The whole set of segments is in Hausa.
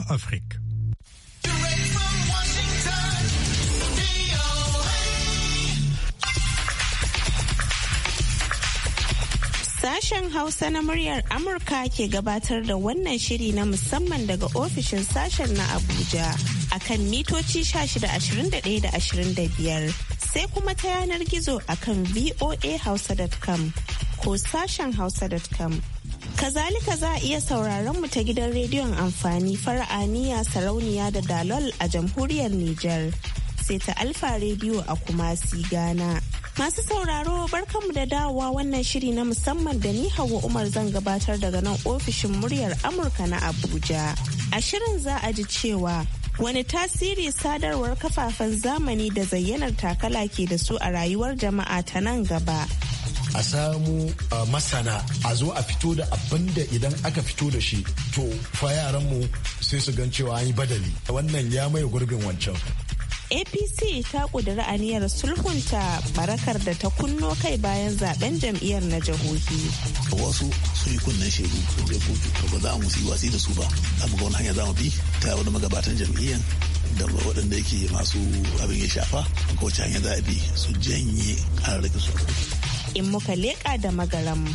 VOA Afrique. Sashen Hausa na muryar Amurka ke gabatar da wannan shiri na musamman daga ofishin sashen na Abuja a kan mitoci 1621 da 25 sai kuma ta yanar gizo a kan voahausa.com ko sashen hausa.com Kazalika za a iya sauraron mu ta gidan rediyon amfani fara'aniya sarauniya da dalol a jamhuriyar Nijar sai ta alfa rediyo a kuma Ghana. Masu sauraro barkanmu da dawowa wannan shiri na musamman da ni Hauwa Umar zan gabatar daga nan ofishin muryar Amurka na Abuja. A shirin za a ji cewa wani tasiri sadarwar kafafen zamani da zayyanar takala ke da su a rayuwar jama'a ta nan gaba. a samu masana a zo a fito da abin da idan aka fito da shi to fa yaranmu sai su gan cewa an yi badali wannan ya mai gurbin wancan apc ta kudiri aniyar sulhunta barakar da ta kunno kai bayan zaben jam'iyyar na jihohi wasu sun yi kunnen shaidu sun je kotu ba za mu yi watsi da su ba za mu ga wani hanya za mu bi ta wani magabatan jam'iyyar da waɗanda yake masu abin ya shafa ko hanya za a bi su janye rage su in muka leƙa da magaram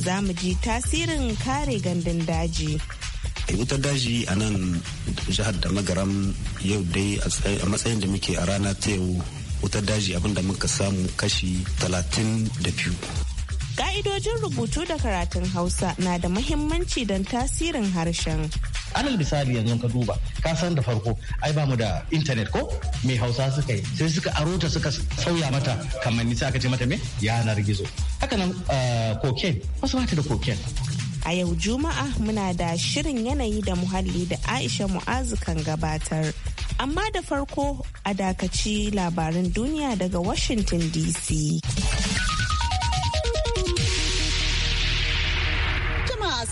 za mu ji tasirin kare gandun daji. Eh, wutar daji a nan jihar da magaram yau dai a matsayin da muke a rana ta yau wutar daji abinda muka samu kashi talatin da biyu. Ka'idojin rubutu da karatun Hausa na da mahimmanci don tasirin harshen. alal misali yanzu ka duba ka san da farko ai ba mu da internet ko me hausa suka yi sai suka aro suka sauya mata kamar sai aka ce mata me yanar gizo haka nan eh, cocaine wasu mata da cocaine a yau juma'a muna da shirin yanayi da muhalli da aisha mu'azu kan gabatar amma da farko a dakaci labarin duniya daga washington dc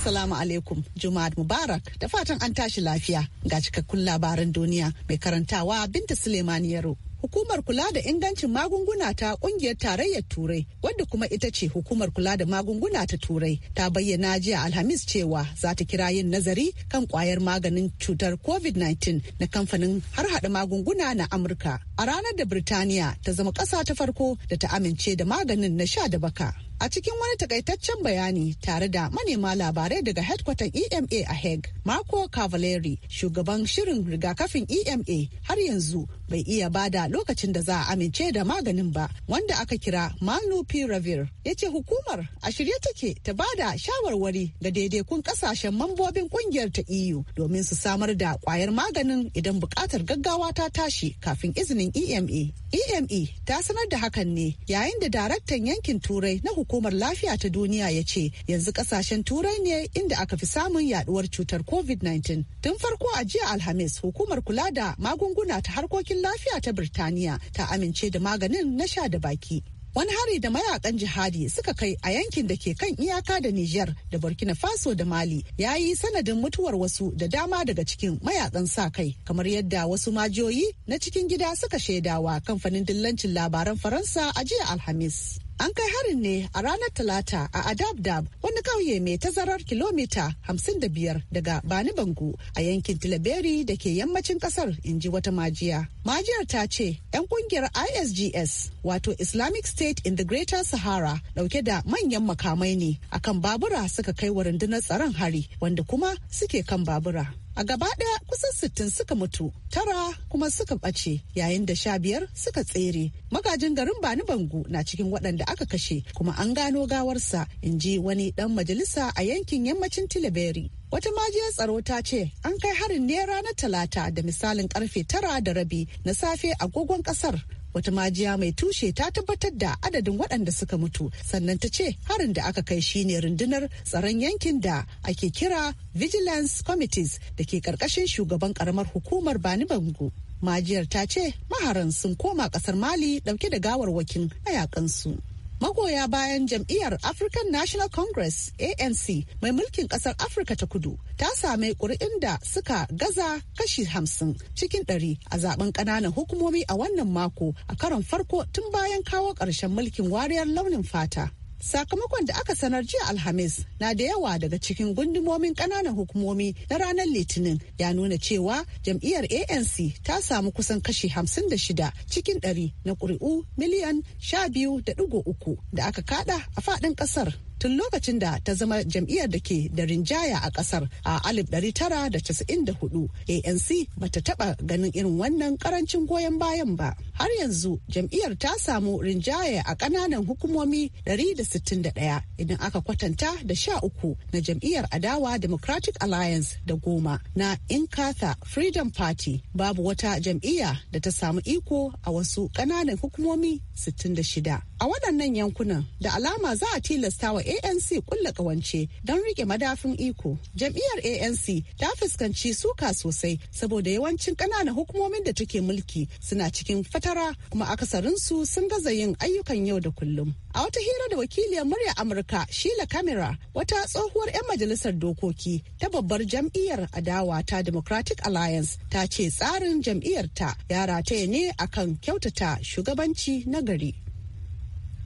Assalamu alaikum Juma'at Mubarak da fatan an tashi lafiya ga cikakkun labaran duniya mai karantawa Binta Suleiman Yaro. Hukumar kula da ingancin magunguna ta kungiyar tarayyar Turai wadda kuma ita ce hukumar kula da magunguna ta Turai ta bayyana jiya Alhamis cewa za ta kira yin nazari kan kwayar maganin cutar COVID-19 na kamfanin har hada magunguna na Amurka. A ranar da Birtaniya ta zama ƙasa ta farko da ta amince da maganin na sha da baka. a cikin wani takaitaccen bayani tare da manema labarai daga headquarter EMA a Hague, Marco cavalleri shugaban shirin rigakafin EMA har yanzu bai iya bada lokacin da za a amince da maganin ba wanda aka kira Manupiravir. Ya ce hukumar a shirye take ta bada shawarwari ga daidaikun kasashen mambobin kungiyar ta EU domin su samar da kwayar maganin idan bukatar gaggawa ta tashi kafin izinin EMA. EMA ta sanar da hakan ne yayin da daraktan yankin Turai na hukumar hukumar lafiya ta duniya ya ce yanzu kasashen turai ne inda aka fi samun yaduwar cutar covid-19 tun farko a jiya alhamis hukumar kula da magunguna ta harkokin lafiya ta birtaniya ta amince da maganin na sha da baki wani hari da mayakan jihadi suka kai a yankin da ke kan iyaka da Nijar da Burkina Faso da Mali ya yi sanadin mutuwar wasu da dama daga cikin mayakan sa kai kamar yadda wasu majiyoyi na cikin gida suka shaidawa kamfanin dillancin labaran Faransa a jiya Alhamis. An kai harin ne a ranar Talata a Adabdab wani ƙauye mai tazarar kilomita 55 daga Bani Bangu a yankin Tilaberi da ke yammacin ƙasar inji wata majiya. Majiyar ta ce 'yan kungiyar ISGS wato Islamic State in the Greater Sahara dauke da manyan makamai ne akan babura suka kai wa rundunar tsaron hari wanda kuma suke kan babura. a gaba ɗaya kusan sittin suka mutu tara kuma suka ɓace yayin da sha biyar suka tsere magajin garin bani bangu na cikin waɗanda aka kashe kuma an gano gawarsa in ji wani ɗan majalisa a yankin yammacin tilaberi wata majiyar tsaro ta ce an kai harin ne ranar talata da misalin karfe tara da rabi na safe agogon ƙasar. wata majiya mai tushe ta tabbatar da adadin waɗanda suka mutu sannan ta ce harin da aka kai shine rundunar tsaron yankin da ake kira vigilance committees da ke ƙarƙashin shugaban ƙaramar hukumar bani bango majiyar ta ce maharan sun koma ƙasar mali ɗauke da gawarwakin mayakansu. magoya bayan jam'iyyar African National Congress ANC mai mulkin kasar Afirka ta kudu ta same ƙuri'in da suka gaza kashi hamsin cikin ɗari a zaben ƙananan hukumomi a wannan mako a karon farko tun bayan kawo ƙarshen mulkin wariyar launin fata. Sakamakon da aka sanar jiya Alhamis na da yawa daga cikin gundumomin ƙananan hukumomi na ranar Litinin ya nuna cewa jam'iyyar ANC ta samu kusan kashi 56 cikin 100 na ƙuri'u miliyan 12.3 da aka kada a faɗin ƙasar. tun lokacin da ta zama jam'iyyar da ke da rinjaya a kasar a 1994 anc bata taba ganin irin wannan karancin goyon bayan ba har yanzu jam'iyyar ta samu rinjaya a kananan hukumomi 161 idan aka kwatanta da sha uku na jam'iyyar adawa democratic alliance da goma na inkatha freedom party babu wata jam'iyya da ta samu iko a wasu kananan hukumomi 66 a waɗannan yankunan da alama za a tilasta wa anc kulla kawance don rike madafin iko jam'iyyar anc ta fuskanci suka sosai saboda yawancin ƙananan hukumomin da take mulki suna cikin fatara kuma akasarinsu sun gaza yin ayyukan yau da kullum a wata hira da wakiliyar murya amurka sheila kamira wata tsohuwar 'yan majalisar dokoki ta babbar jam'iyyar adawa ta democratic alliance ta ce tsarin jam'iyyar ta ya rataye ne akan kyautata shugabanci na gari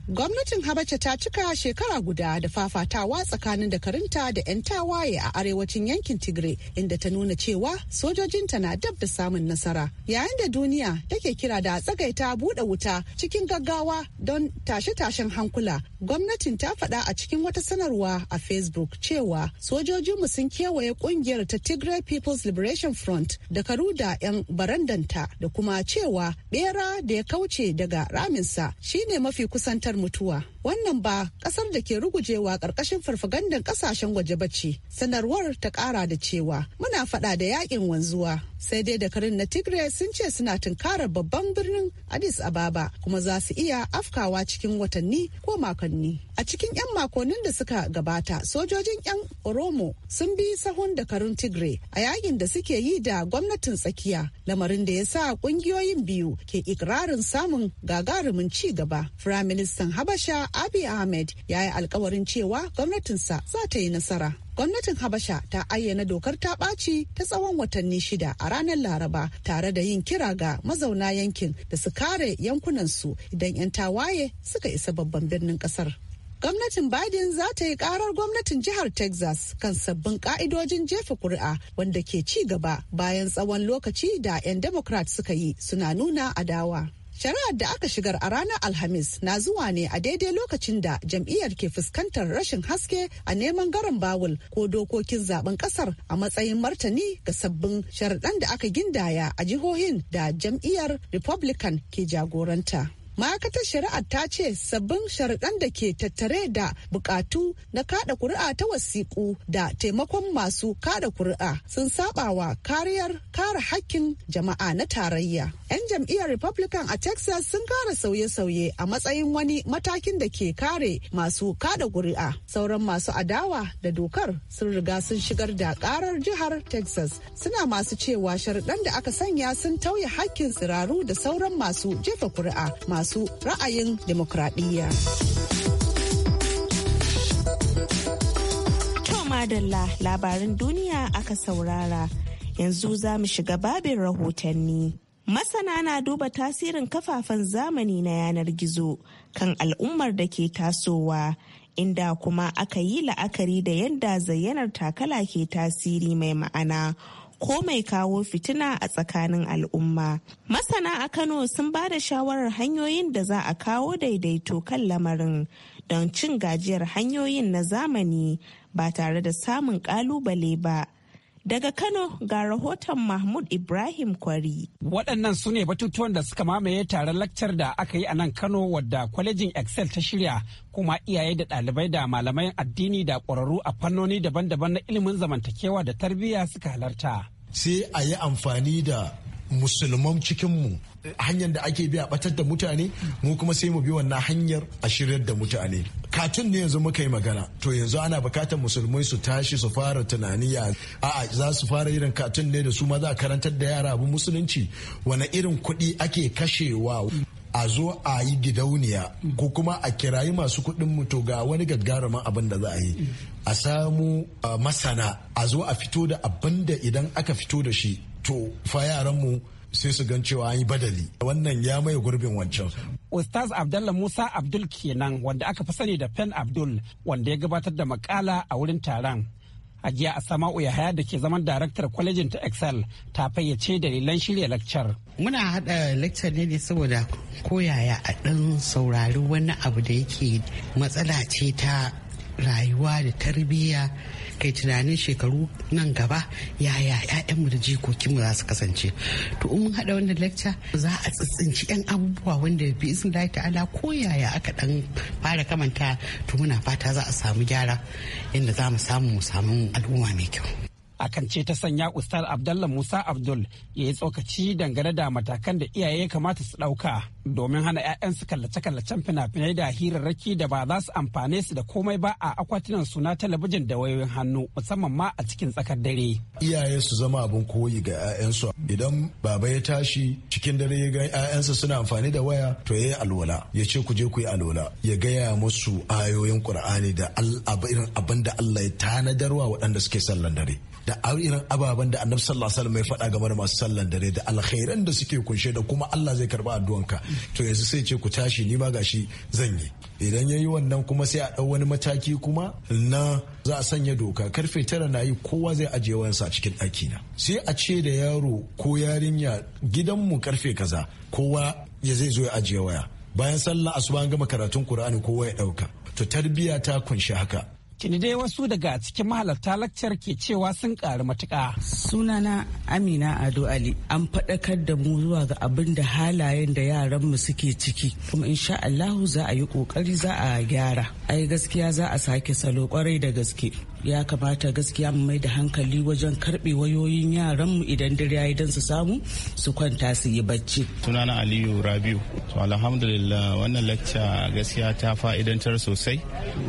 Gwamnatin Habasha ta cika shekara guda da fafatawa tsakanin da karinta da 'yan tawaye a arewacin yankin Tigray inda ta nuna cewa sojojinta na dab da samun nasara. Yayin da duniya take kira da tsagaita buɗe wuta cikin gaggawa don tashe-tashen hankula. Gwamnatin ta faɗa a cikin wata sanarwa a Facebook cewa sojojinmu sun kewaye ƙungiyar ta Tigray People's Liberation Front da da 'yan barandanta da kuma cewa bera da ya kauce daga raminsa shine mafi kusantar mutuwa. Wannan ba kasar da ke rugujewa ƙarƙashin farfagandan ƙasashen waje bace. Sanarwar ta ƙara da cewa muna faɗa da yakin wanzuwa. Sai dai da karin na Tigray sun ce suna tunkarar babban birnin Addis Ababa kuma za su iya afkawa cikin watanni ko makonni. A cikin 'yan makonnin da suka gabata, sojojin 'yan Oromo sun bi sahun karin Tigray a yakin da suke yi da gwamnatin tsakiya, lamarin da ya sa ƙungiyoyin biyu ke ikirarin samun gagarumin ci gaba. Firaministan ministan Habasha abi Ahmed ya yi alkawarin cewa gwamnatinsa za ta yi nasara. Gwamnatin Habasha ta ayyana dokar ta ɓaci ta tsawon watanni shida a ranar Laraba tare da yin kira ga mazauna yankin da su kare yankunansu idan 'yan tawaye suka isa babban birnin ƙasar. gwamnatin Biden za ta yi karar gwamnatin jihar Texas kan sabbin ka'idojin jefa kuri'a wanda ke ci gaba bayan tsawon lokaci da 'yan Democrat suka yi suna nuna adawa. Shari'ar da aka shigar a ranar Alhamis na zuwa ne a daidai lokacin da jam'iyyar ke fuskantar rashin haske a neman garin bawul ko dokokin zaben kasar a matsayin martani ga sabbin sharaɗan da aka gindaya a jihohin da jam'iyyar Republican ke jagoranta. ma'aikatar shari'ar ta ce sabbin sharaɗan da ke tattare da buƙatu na kada kuri'a ta wasiƙu da taimakon masu kada kuri'a sun sabawa kariyar kare hakkin jama'a na tarayya 'yan jam'iyyar republican a texas sun kara sauye-sauye a matsayin wani matakin da ke kare masu kada kuri'a sauran masu adawa da dokar sun riga sun shigar da karar jihar texas suna masu cewa sharaɗan da aka sanya sun tauye hakkin tsiraru da sauran masu jefa kuri'a masu masu ra'ayin demokradiyya. madalla labarin duniya aka saurara yanzu za mu shiga babin rahotanni. Masana na duba tasirin kafafen zamani na yanar gizo kan al'ummar da ke tasowa inda kuma aka yi la'akari da yadda zayyanar takala ke tasiri mai ma'ana ko mai kawo fitina a tsakanin al'umma. Masana a Kano sun ba da shawarar hanyoyin da za a kawo daidaito kan lamarin don cin gajiyar hanyoyin na zamani ba tare da samun kalubale ba Daga Kano ga rahoton Mahmud Ibrahim Kwari. Waɗannan su ne batutuwan da suka mamaye taron lakcar da aka yi a nan Kano wadda kwalejin Excel ta shirya kuma iyaye da ɗalibai da malamai addini da ƙwararru a fannoni daban-daban na ilimin zamantakewa da tarbiyya suka halarta. Sai a yi amfani da musulman cikinmu hanyar da ake bi a batar da mutane mu kuma sai mu bi wannan hanyar a shiryar da mutane katun ne yanzu muka yi magana to yanzu ana bukatar musulmai su tashi su fara tunani ya a'a za su fara irin katun ne da su ma za karantar da yara abu musulunci wani irin kuɗi ake kashewa a zo a yi gidauniya ko kuma a kirayi masu kuɗin mutu ga wani gaggarumin abin da za a yi a samu masana a zo a fito da abin da idan aka fito da shi to fa yaranmu sai su gan cewa an yi badali wannan ya mai gurbin wancan. Ustaz Abdullah Musa Abdul kenan wanda aka fi sani da Pen Abdul wanda ya gabatar da makala a wurin taron. Hajiya Asama'u Yahaya da ke zaman daraktar kwalejin ta Excel ta fayyace dalilan shirya lakcar. Muna haɗa lakcar ne ne saboda koyaya a ɗan saurari wani abu da yake matsala ce ta rayuwa da tarbiyya kai tunanin shekaru nan gaba yaya ya'yanmu da jikokinmu za su kasance to in mun haɗa wannan lecture za a tsitsinci yan abubuwa wanda bi izin da ta'ala ko yaya aka dan fara kamanta to muna fata za a samu gyara inda za mu samu mu samu al'umma mai kyau akan ce ta sanya ustar abdallah musa abdul ya yi tsokaci dangane da matakan da iyaye kamata su ɗauka domin hana 'ya'yansu kallace-kallacen fina-finai da hirarraki da ba za su amfane su da komai ba a akwatunan suna talabijin da wayoyin hannu musamman ma a cikin tsakar dare iyaye su zama abin koyi ga 'ya'yansu idan baba ya tashi cikin dare ya ga 'ya'yansa suna amfani da waya to ya yi alwala ya ce ku je ku yi alwala ya gaya musu ayoyin qur'ani da abin da Allah ya tanadarwa waɗanda suke sallan dare da irin ababen da annabi sallallahu alaihi wasallam ya faɗa game da masu sallan dare da alkhairan da suke kunshe da kuma Allah zai karba addu'anka to yanzu sai ce ku tashi ni ma gashi zan yi idan ya yi wannan kuma sai a ɗau wani mataki kuma na za a sanya doka karfe tara na yi kowa zai ajiye wayansa a cikin na sai a ce da yaro ko yarinya mu karfe kaza kowa ya zai zo ya ajiye waya bayan sallah asuba an gama karatun qur'ani kowa ya ɗauka to tarbiyya ta kunshi haka dai wasu daga cikin mahalarta laccar ke cewa sun ƙaru matuƙa. sunana amina ado ali an faɗakar da mu zuwa ga abin da halayen da yaran mu suke ciki kuma in sha allahu za a yi ƙoƙari za a gyara ai gaskiya za a sake salo kwarai da gaske ya kamata gaskiya mu mai da hankali wajen karbe wayoyin yaran mu idan dare yayi dan su samu su kwanta su yi bacci sunana aliyu rabiu to alhamdulillah wannan lacca gaskiya ta fa'idantar sosai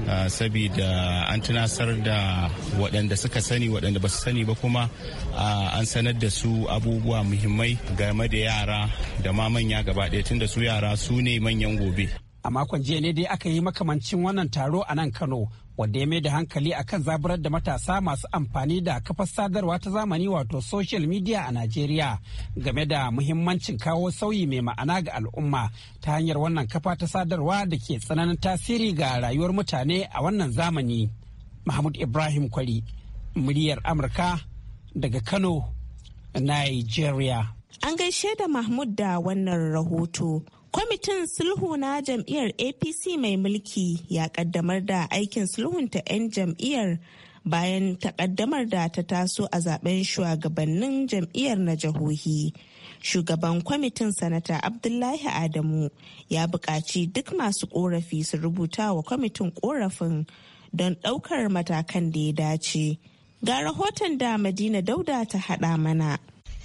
ah, saboda an tunasar da waɗanda suka sani waɗanda ba su sani ba kuma ah, an sanar da su abubuwa muhimmai game da yara da ma manya gaba ɗaya tunda su yara su ne manyan gobe a makon jiya ne dai aka yi makamancin wannan taro a nan kano wanda ya mai da hankali akan zaburar da matasa masu amfani da kafar sadarwa ta zamani wato social media a najeriya game da muhimmancin kawo sauyi mai ma'ana ga al'umma ta hanyar wannan kafa ta sadarwa da ke tsananin tasiri ga rayuwar mutane a wannan zamani mahmud ibrahim kwari muryar amurka daga kano nigeria an gaishe da mahmud da wannan rahoto Kwamitin sulhu na jam'iyyar APC mai mulki ya kaddamar da aikin sulhunta 'yan jam'iyyar bayan takaddamar da ta taso a zaben shugabannin jam'iyyar na jihohi. Shugaban kwamitin sanata Abdullahi Adamu ya buƙaci duk masu ƙorafi su rubuta wa kwamitin ƙorafin don ɗaukar matakan da ya dace. Ga rahoton da Madina Dauda ta haɗa mana.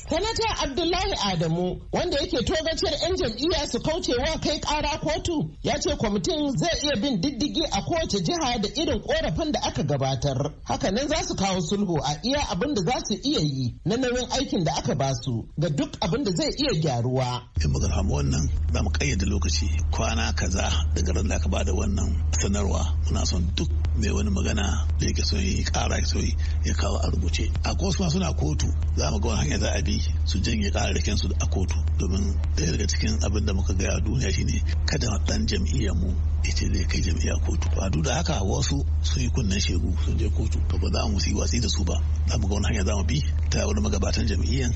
Sanata Abdullahi Adamu wanda yake togaciyar 'yan jam'iyya su kauce wa kai kara kotu ya ce kwamitin zai iya bin diddigi a kowace jiha da irin korafin da aka gabatar. Hakanan za su kawo sulhu a iya abin da za su iya yi na nauyin aikin da aka ba su ga duk abin da zai iya gyaruwa. In muka wannan za mu kayyade lokaci kwana kaza daga ran da aka bada wannan sanarwa muna son duk mai wani magana da yake so yi kara ya kawo a rubuce. A kosu suna kotu za mu ga wani hanya za a bi kokari su janye kararrakin su a kotu domin daya daga cikin abin da muka gaya duniya shine kada dan jam'iyyar mu ita zai kai jam'iyyar kotu a duk da haka wasu sun yi kunnen shegu sun je kotu to ba za mu yi watsi da su ba za mu ga wani hanya za mu bi ta wani magabatan jam'iyyar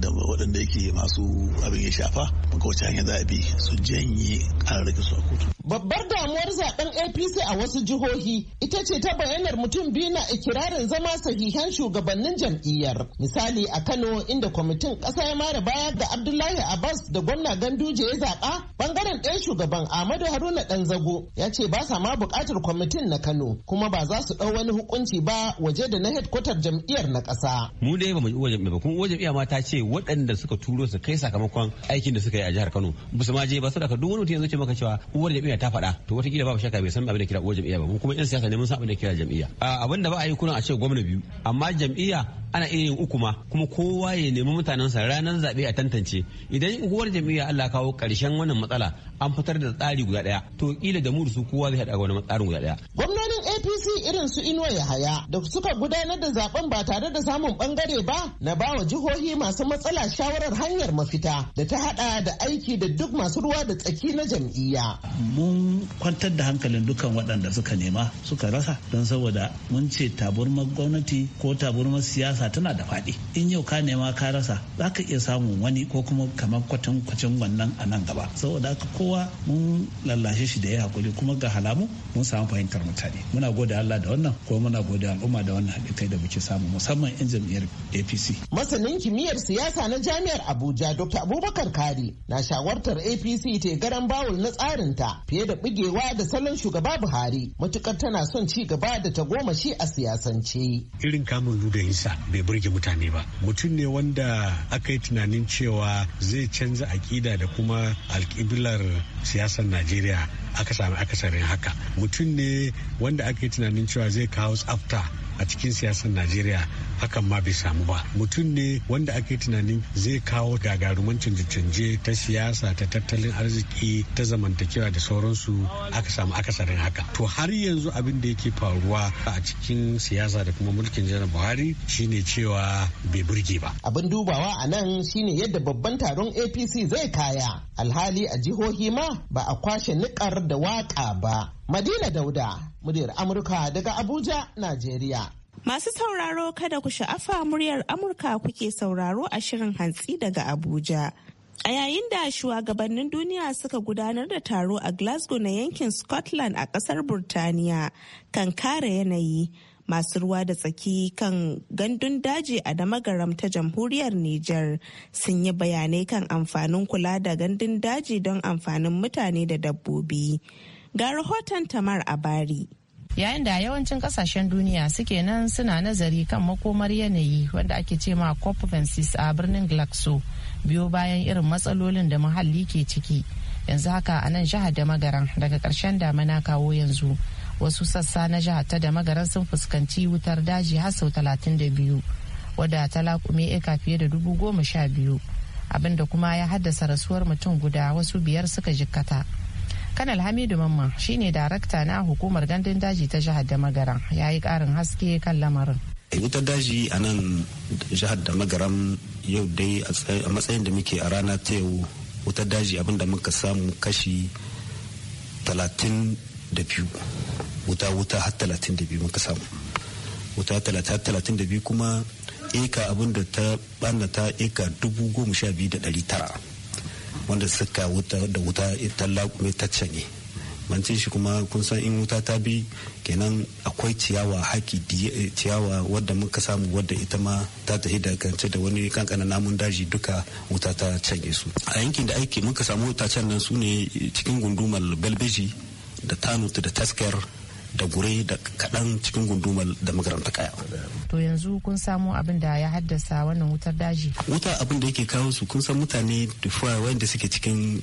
da waɗanda yake masu abin ya shafa muka wacce hanya za a bi su janye kararrakin su a kotu Babbar damuwar zaben APC a wasu jihohi ita ce ta bayanar mutum biyu na ikirarin zama sahihan shugabannin jam'iyyar. Misali a Kano inda kwamitin ƙasa ya mara baya da Abdullahi Abbas da gwamna Ganduje ya zaɓa bangaren ɗaya shugaban Ahmadu Haruna Ɗanzago ya ce ba sa ma buƙatar kwamitin na Kano kuma ba za su ɗau wani hukunci ba waje da na hedkwatar jam'iyyar na ƙasa. Mu dai ba mu wajen ba kuma wajen iya ma ta ce waɗanda suka turo su kai sakamakon aikin da suka yi a jihar Kano. Ba su ma je ba su da duk wani mutum zo ce maka cewa uwar jam'iyyar jam'iyya ta faɗa to wataƙila babu shakka bai san abin da kira uwar jam'iyya ba kuma yan siyasa ne mun san abin da kira jam'iyya abin da ba a yi kuna a ce gwamna biyu amma jam'iyya ana iya yin uku ma kuma kowa ya nemi mutanensa ranar zaɓe a tantance idan uwar jam'iyya Allah kawo ƙarshen wannan matsala an fitar da tsari guda daya to kila da mu su kowa zai haɗa wani tsarin guda ɗaya. Gwamnonin APC irin su Inuwa Yahaya da suka gudanar da zaben ba tare da samun bangare ba na bawa jihohi masu matsala shawarar hanyar mafita da ta haɗa da aiki da duk masu ruwa da tsaki na jam'iyya. Mu mun kwantar da hankalin dukkan waɗanda suka nema suka rasa don saboda mun ce taburmar gwamnati ko taburmar siyasa tana da faɗi in yau ka nema ka rasa za ka iya samun wani ko kuma kamar kwatan kwacin wannan a nan gaba saboda haka kowa mun lallashe shi da ya hakuri kuma ga halamu mun samu fahimtar mutane muna gode Allah da wannan ko muna gode al'umma da wannan haɗin kai da muke samu musamman yan jam'iyyar APC masanin kimiyyar siyasa na jami'ar Abuja Dr. Abubakar Kari na shawartar APC ta garan bawul na tsarin ta. fiye da bigewa da salon shugaba Buhari matukar tana son ci gaba da ta goma shi a siyasance. Irin kamun ludayinsa bai burge mutane ba. Mutum ne wanda aka yi tunanin cewa zai canza aƙida da kuma alkiblar siyasar Najeriya aka sami akasarin haka. Mutum ne wanda aka yi tunanin cewa zai kawo tsafta a cikin siyasar Najeriya hakan ma bai samu ba mutum ne wanda ake tunanin zai kawo gagaruman canje-canje ta siyasa ta tattalin arziki ta zamantakewa da sauransu aka samu akasarin haka to har yanzu abin da yake faruwa a cikin siyasa da kuma mulkin janar buhari shine cewa bai burge ba abin dubawa a nan shine yadda babban taron apc zai kaya alhali a jihohi ma ba a kwashe niƙar da waka ba madina dauda muryar amurka daga abuja najeriya Masu sauraro kada ku sha'afa muryar Amurka kuke sauraro a shirin hantsi daga Abuja. A yayin da shugabannin duniya suka gudanar da taro a Glasgow na yankin Scotland a kasar Burtaniya kan kare yanayi masu ruwa da tsaki kan gandun daji a damagaram ta jamhuriyar Nijar sun yi bayanai kan amfanin kula da gandun daji don amfanin mutane da dabbobi. Ga rahoton Tamar Abari. yayin da yawancin kasashen duniya suke nan suna nazari kan makomar yanayi wanda ake ce ma cop a birnin glaxo biyo bayan irin matsalolin da muhalli ke ciki yanzu haka a nan jihar da magaran daga ƙarshen damina kawo yanzu wasu sassa na jihar ta da magaran sun fuskanci wutar daji har sau talatin da biyu wadda ta laƙume eka fiye da dubu goma sha biyu abinda kuma ya haddasa rasuwar mutum guda wasu biyar suka jikkata. kanal hamidu mamma shine darakta na hukumar gandun daji ta jihar da magaran ya yi karin haske kan lamarin eh, wutar daji a nan jihar da magaram yau dai a matsayin da muke a rana ta yau wutar daji abinda muka samu kashi 32 wuta wuta har 32 muka samu wuta har 32 kuma eka abinda ta ɓanna ta eka dubu goma sha biyu da ɗari tara wanda suka wuta da wuta ta laƙume ta canye bancin shi kuma kun san in wuta ta bi kenan akwai ciyawa haki eh, ciyawa wadda muka samu wadda ita ma ta tafi da kance da wani kankana namun daji duka wuta ta canye su a yankin da aiki muka samu can nan su ne cikin gundumar belbeji da tanut da taskar da gure da kaɗan cikin gundumar da magaranta kaya. To yanzu kun samu abin da ya haddasa wannan wutar daji? Wuta abin da yake kawo su kun san mutane da wanda suke cikin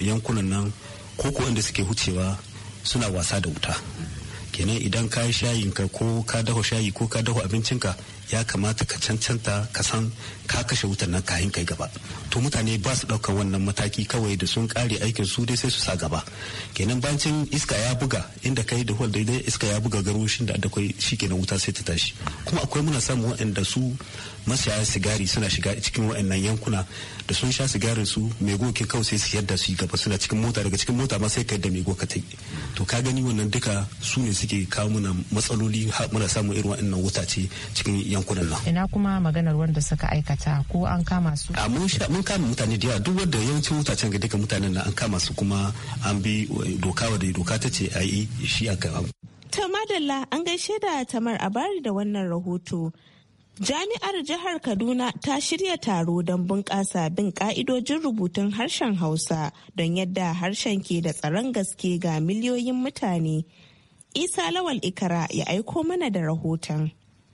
yankunan nan ko ko wanda suke hucewa suna wasa da wuta. Kenan idan ka yi shayinka ko ka dafa shayi ko ka dafa abincinka ya kamata ka cancanta ka san ka kashe wutar nan kayan kai gaba to mutane ba su ɗaukar wannan mataki kawai da sun kare aikin su dai sai su sa gaba kenan bancin iska ya buga inda kai da hol daidai iska ya buga shi da akwai kenan wuta sai ta tashi kuma akwai muna samun waɗanda su masaya sigari suna shiga cikin waɗannan yankuna da sun sha sigarin su mai gokin kawai sai su yadda su yi gaba suna cikin mota daga cikin mota ma sai ka da mai goka ta to ka gani wannan duka su ne suke kawo muna matsaloli muna samun irin waɗannan wuta ce cikin yankunan nan ina kuma maganar wanda suka aikata ko an kama su a mun sha mun kama mutane da yawa duk wanda yawancin mutacen ga duka mutanen nan an kama su kuma an bi eh, doka wadda doka ta ce a yi shi a kan ta madalla an gaishe da tamar a bari da wannan rahoto Jami'ar Jihar Kaduna ta shirya taro don bunƙasa bin ƙa'idojin rubutun harshen Hausa don yadda harshen ke da tsaron gaske ga miliyoyin mutane. Isa Lawal Ikara ya aiko mana da rahoton.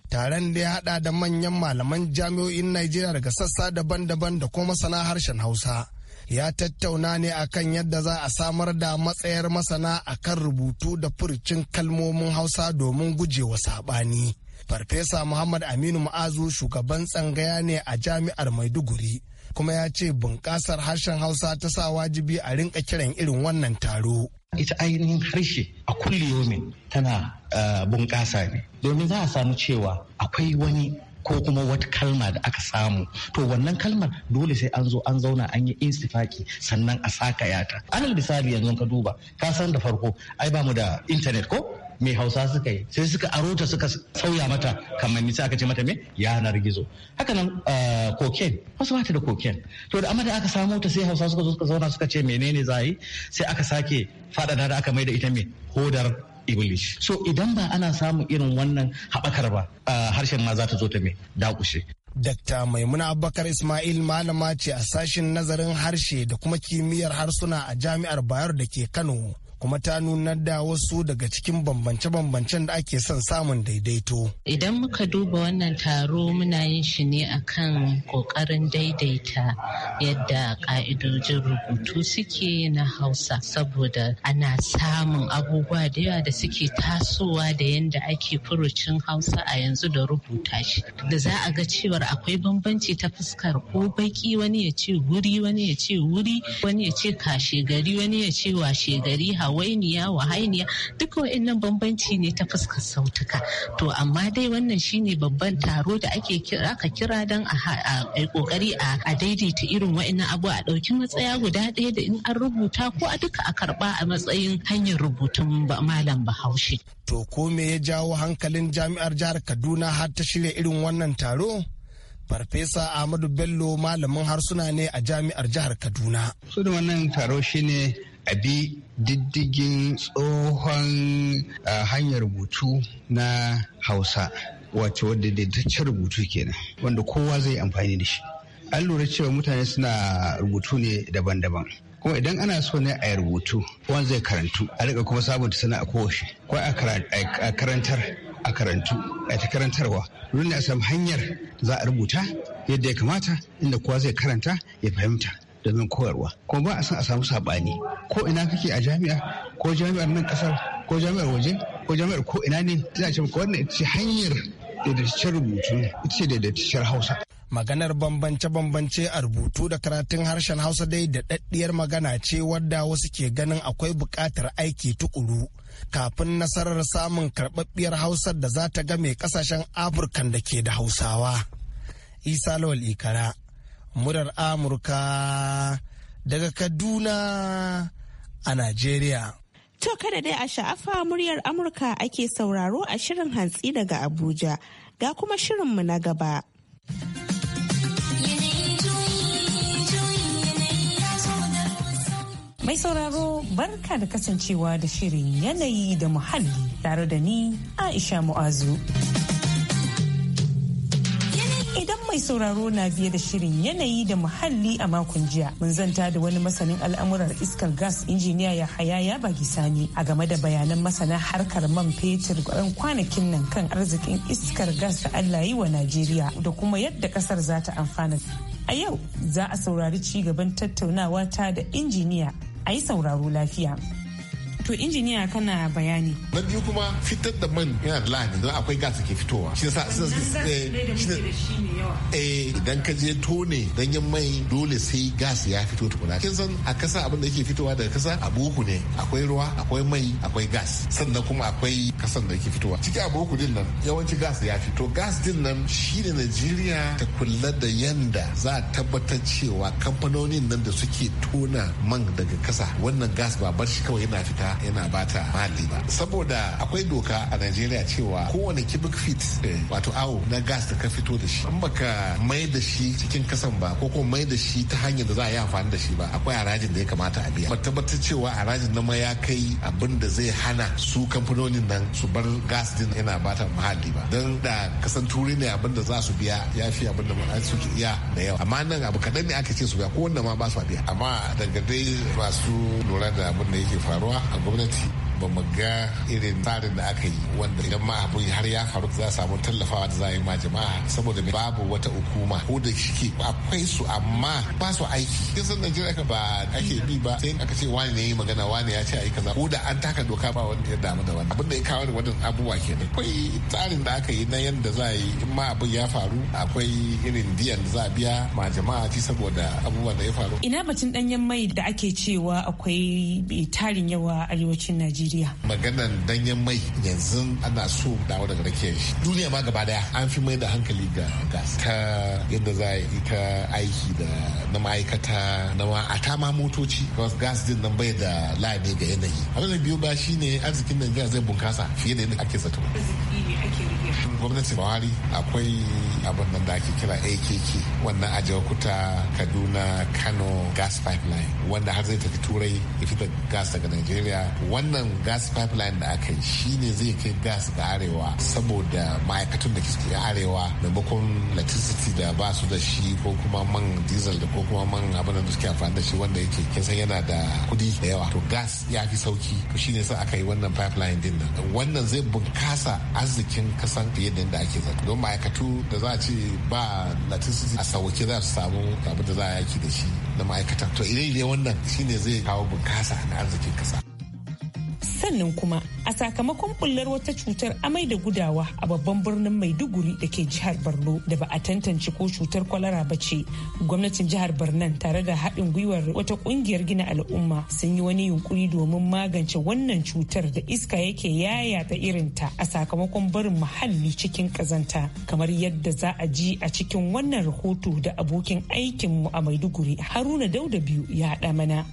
taron da ya hada da manyan malaman jami'o'in najeriya daga sassa daban-daban da kuma masana harshen hausa ya tattauna ne akan yadda za a samar da matsayar masana akan rubutu da furcin kalmomin hausa domin gujewa saɓani farfesa muhammad aminu ma'azu shugaban tsangaya ne a jami'ar maiduguri kuma ya ce bunƙasar harshen hausa ta sa wajibi a rinka kiran irin wannan taro ita ainihin harshe a kulle yomin tana eh, bunƙasa ne domin za a samu cewa akwai wani ko kuma wata kalma da aka samu to wannan kalmar dole sai an zo an zauna an yi instifaki sannan a saka yata ana misali yanzu ka duba ka san da farko ai ba mu da intanet ko mai hausa suka yi sai suka aro suka sauya mata kamar sai aka ce mata me yanar gizo haka nan koken eh, wasu mata da koken to da amma aka samu ta sai hausa suka zo suka zauna suka ce menene za yi sai aka sake fada da aka mai da ita me hodar ibilis. So idan ba ana samun irin wannan haɓakar ba eh, harshen ma za ta zo ta me dakushe. Dakta Maimuna Abubakar Ismail malama ce a sashen nazarin harshe da kuma kimiyyar harsuna a jami'ar Bayero da ke Kano. kuma ta nunar da wasu daga cikin bambance-bambancen da ake son samun daidaito. Idan muka duba wannan taro muna yin shi ne akan kokarin daidaita yadda ka'idojin rubutu suke na Hausa saboda ana samun abubuwa da yawa da suke tasowa da yadda ake furucin Hausa a yanzu da rubuta shi. Da za a ga cewar akwai bambanci ta fuskar ko baki wani ya ce guri wani ya ce wuri wani ya ce kashe gari wani ya ce washe gari hawa wa Hainiya duk wa'annan bambanci ne ta fuskar sautuka to amma dai wannan shine babban taro da ake kira ka kira don a kokari a daidaita irin wa'annan abu a ɗauki matsaya guda ɗaya da in an rubuta ko a duka a karɓa a matsayin hanyar rubutun malam bahaushe to ko me ya jawo hankalin jami'ar jihar kaduna har ta shirya irin wannan taro Farfesa Ahmadu Bello malamin harsuna ne a jami'ar jihar Kaduna. Su da wannan taro shine a bi diddigin tsohon hanyar rubutu na hausa wato wadda daidaitaccen rubutu kenan wanda kowa zai amfani da shi an lura cewa mutane suna rubutu ne daban-daban kuma idan ana so ne a rubutu wani zai karantu a rika kuma sabunta sana'a kowace ko a karantar a karantu a ta karantarwa ne a samu hanyar za a rubuta yadda ya kamata inda kowa zai karanta ya fahimta domin koyarwa kuma ba a son a samu saɓani ko ina kake a jami'a ko jami'ar nan ƙasar ko jami'ar waje ko jami'ar ko ina ne za a ce maka wannan ita ce hanyar daidaitaccen rubutu ne ita ce daidaitaccen hausa maganar bambance-bambance a rubutu da karatun harshen hausa dai da daddiyar magana ce wadda wasu ke ganin akwai buƙatar aiki tukuru kafin nasarar samun karɓaɓɓiyar hausar da za ta game ƙasashen afirkan da ke da hausawa isa lawal ikara murar Amurka daga Kaduna a Najeriya. To kada dai a sha'afa muryar Amurka ake sauraro a shirin hantsi daga Abuja ga kuma shirinmu na gaba. Mai sauraro barka da kasancewa da shirin yanayi da muhalli tare da ni Aisha Mu'azu. mai sauraro na biye da shirin yanayi da muhalli a makon jiya. Mun zanta da wani masanin al'amurar iskar gas injiniya ya haya ya bagi sani a game da bayanan masana harkar man fetur ɗan kwanakin nan kan arzikin iskar gas da Allah yi wa Najeriya da kuma yadda ƙasar za ta amfana. A yau za a saurari ci gaban tattaunawa ta da injiniya a yi sauraro lafiya. to injiniya kana bayani na biyu kuma fitar da man yana da lahani don akwai gas ke fitowa shi yasa eh, eh idan ka je tone ganyen mai dole sai gas ya fito tukuna kin san a kasa abin da yake fitowa daga kasa a buhu ne akwai ruwa akwai mai akwai gas sannan kuma akwai kasan da yake fitowa ciki a buhu din nan yawanci gas ya fito gas din nan shi ne Najeriya ta kula da yanda za a tabbatar cewa kamfanonin nan da suke tona man daga kasa wannan gas ba bar shi kawai yana fita ba yana bata ba saboda akwai doka a Najeriya cewa kowane cubic feet eh, wato awo na gas da ka fito da shi an baka mai da shi cikin kasan ba ko kuma mai da shi ta hanyar da za a yi amfani da shi ba akwai harajin da ya kamata a biya tabbatar cewa harajin na ma ya kai abin da zai hana su kamfanonin nan su bar gas din yana bata mahalli ba don da kasan turai ne abin da za su biya ya fi abin da suke iya da yawa amma nan abu kaɗan ne aka ce su biya ko wanda ma ba su biya amma dangane masu lura da abin da yake faruwa gwamnati ba mu ga irin tsarin da aka yi wanda idan ma abu har ya faru za a samu tallafawa da za a yi ma jama'a saboda babu wata hukuma ko da shike akwai su amma ba su aiki kin da Najeriya ka ba ake bi ba sai aka ce wani ne yi magana wani ya ce a yi kaza ko da an taka doka ba wanda ya damu da wani abin da ya kawo da wadannan abubuwa kenan akwai tsarin da aka yi na yadda za a yi in ma abu ya faru akwai irin diyan da za a biya ma jama'a ci saboda abubuwa da ya faru ina batun danyen mai da ake cewa akwai tarin yawa arewacin Najeriya Najeriya. Maganan danyen mai yanzu ana so dawo daga rake shi. Duniya ma gaba daya an fi mai da hankali ga gas ta yadda za a yi ta aiki da na ma'aikata na ta ma motoci. gas din nan bai da lami ga yanayi. Abin da biyu ba shi ne arzikin Najeriya zai bunkasa fiye da yadda ake zato. Gwamnati Buhari akwai abin nan da ake kira AKK wannan a Jakuta Kaduna Kano gas pipeline wanda har zai tafi turai ya fita gas daga Najeriya wannan gas pipeline da aka yi shi ne zai kai gas ga arewa saboda ma'aikatan da ke arewa maimakon electricity da ba su da shi ko kuma man diesel da ko kuma man abin da suke amfani da shi wanda yake kin san yana da kudi da yawa to gas ya fi sauki to shi ne sa aka yi wannan pipeline din nan wannan zai bunkasa arzikin kasan fiye da yadda ake zato don ma'aikatu da za a ce ba electricity a sauke za su samu abin da za a yaki da shi na ma'aikatan to ire-ire wannan shi ne zai kawo bunkasa na arzikin kasa sannan kuma a sakamakon bullar wata cutar amai da gudawa a babban birnin maiduguri da ke jihar borno da ba a tantance ko cutar kwalara ba ce gwamnatin jihar borno tare da haɗin gwiwar wata ƙungiyar gina al'umma sun yi wani yunkuri domin magance wannan cutar da iska yake irin ta a sakamakon barin muhalli cikin ƙazanta kamar yadda za a ji a cikin wannan rahoto da abokin aikinmu a maiduguri haruna dauda biyu ya haɗa mana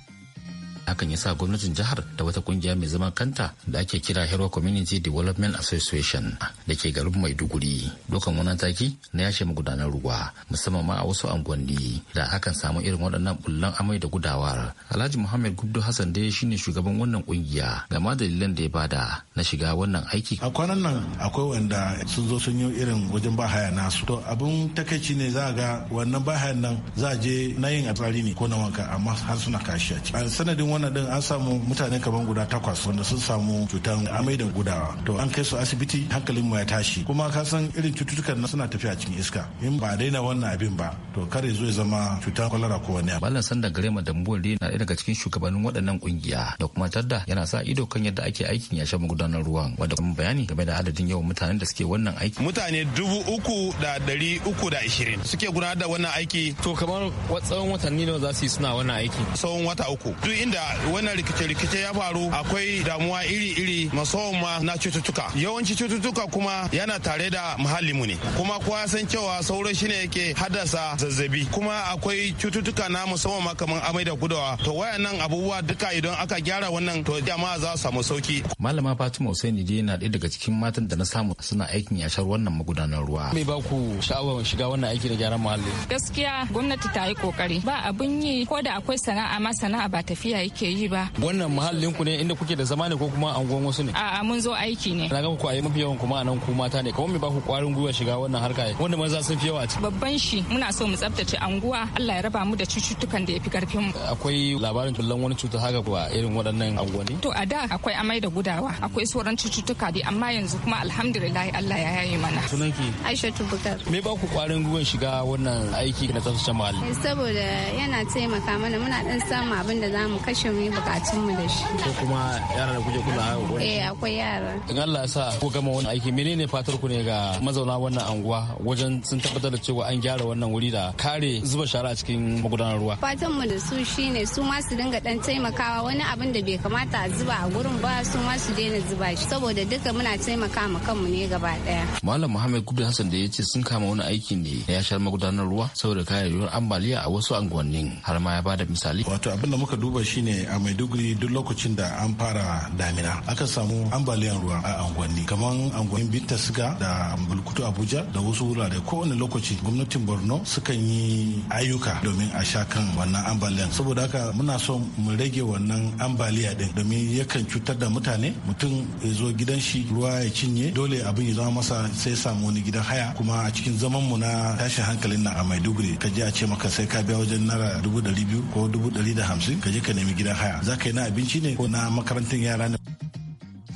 hakan ya sa gwamnatin jihar da wata kungiya mai zaman kanta da ake kira hero community development association da ke garin maiduguri dokan wannan taki na yashe magudanar ruwa musamman ma a wasu anguwanni da hakan samu irin waɗannan bullan amai da gudawar alhaji muhammad gubdu hassan dai shine shugaban wannan kungiya game dalilan da ya bada na shiga wannan aiki a kwanan nan akwai wanda sun zo sun yi irin wajen bahaya nasu to abin takaici ne za a ga wannan bahayan nan za a je na yin a ne ko na wanka amma har suna kashi a ciki sanadin wannan din an samu mutane kaman guda takwas wanda sun samu cutar amai da gudawa to an kai su asibiti hankalin mu ya tashi kuma ka san irin cututtukan na suna tafiya cikin iska in ba daina wannan abin ba to kare zo ya zama cutar kwalara ko wani abu. ballan Sanda Garema da Mbori na ɗaya daga cikin shugabannin waɗannan kungiya da kuma tadda yana sa ido kan yadda ake aikin ya sha magudanar ruwan wanda kuma bayani game da adadin yawan mutanen da suke wannan aiki. Mutane dubu uku da dari uku da ashirin suke gudanar da wannan aiki. To kamar tsawon watanni nawa za su yi suna wannan aiki? Tsawon wata uku. Duk inda wannan rikice-rikice ya faru akwai damuwa iri-iri musamman ma na cututtuka yawanci cututtuka kuma yana tare da muhallinmu ne kuma kowa san cewa sauro shine yake haddasa zazzabi kuma akwai cututtuka na musamman ma kamar amai da gudawa to wayannan abubuwa duka idan aka gyara wannan to jama'a za su samu sauki malama fatima husaini dai yana ɗaya daga cikin matan da na samu suna aikin yashar wannan magudanar ruwa me ba ku sha'awar shiga wannan aiki da gyaran muhalli gaskiya gwamnati ta yi kokari ba abun yi ko da akwai sana'a ma sana'a ba tafiya ke yi ba wannan muhallin ku ne inda kuke da zama ne ko kuma anguwan wasu ne a'a mun zo aiki ne na ga ku ayi mafi yawan kuma anan ku mata ne Kawai me ba ku kwarin gwiwa shiga wannan harka wanda maza sun fi yawa babban shi muna so mu tsaftace anguwa Allah ya raba mu da cututtukan da ya fi karfin mu akwai labarin tullan wani cuta haka kuwa irin waɗannan anguwanni to a da akwai amai da gudawa akwai sauran cututtuka dai amma yanzu kuma alhamdulillah Allah ya yaye mana Sunan Aisha Tubukar. me ba ku kwarin gwiwan shiga wannan aiki na tsaftace muhalli saboda yana taimaka mana muna dan samun abin da za mu kashe shi mu yi bukatun mu da shi ko kuma yara da kuke kula eh akwai yara in Allah ya sa ku gama wani aiki menene fatar ku ne ga mazauna wannan anguwa wajen sun tabbatar da cewa an gyara wannan wuri da kare zuba shara a cikin magudanar ruwa fatan mu da su shine su ma su dinga dan taimakawa wani abin da bai kamata a zuba a gurin ba su ma su daina zuba shi saboda duka muna taimaka ma kanmu ne gaba daya malam muhammad gubda hassan da ya ce sun kama wani aiki ne ya shar magudanar ruwa saboda kayayyuwar ambaliya a wasu anguwannin har ma ya bada misali wato abin da muka duba shine ne a maiduguri duk lokacin da an fara damina aka samu ambaliyan ruwa a angwanni kamar angwannin binta siga da bulkutu abuja da wasu wurare kowane lokaci gwamnatin borno sukan yi ayyuka domin a sha kan wannan ambaliyan saboda haka muna so mu rage wannan ambaliya din domin yakan cutar da mutane mutum ya zo gidan shi ruwa ya cinye dole abin ya zama masa sai samu wani gidan haya kuma a cikin zaman mu na tashin hankalin na a maiduguri ka je a ce maka sai ka biya wajen naira dubu ɗari biyu ko dubu ɗari da hamsin ka je ka nemi gidan haya za ka yi na abinci ne ko na makarantar yara ne.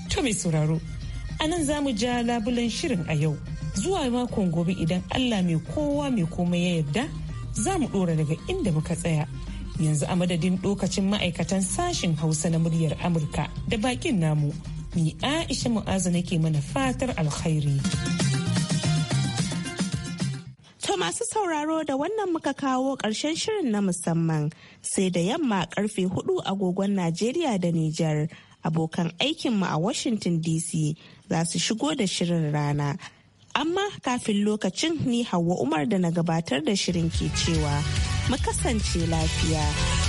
To mai sauraro a nan za mu ja labulen shirin a yau zuwa makon gobe idan Allah mai kowa mai komai ya yarda za mu ɗora daga inda muka tsaya. yanzu a madadin lokacin ma'aikatan sashen hausa na muryar amurka da bakin namu ni aisha mu'aza nake mana fatar alkhairi. masu sauraro da wannan muka kawo ƙarshen shirin na musamman sai da yamma karfe hudu agogon Najeriya da Nijar abokan aikinmu a Washington DC za su shigo da shirin rana. Amma kafin lokacin ni Hauwa Umar da na gabatar da shirin ke cewa mu kasance lafiya.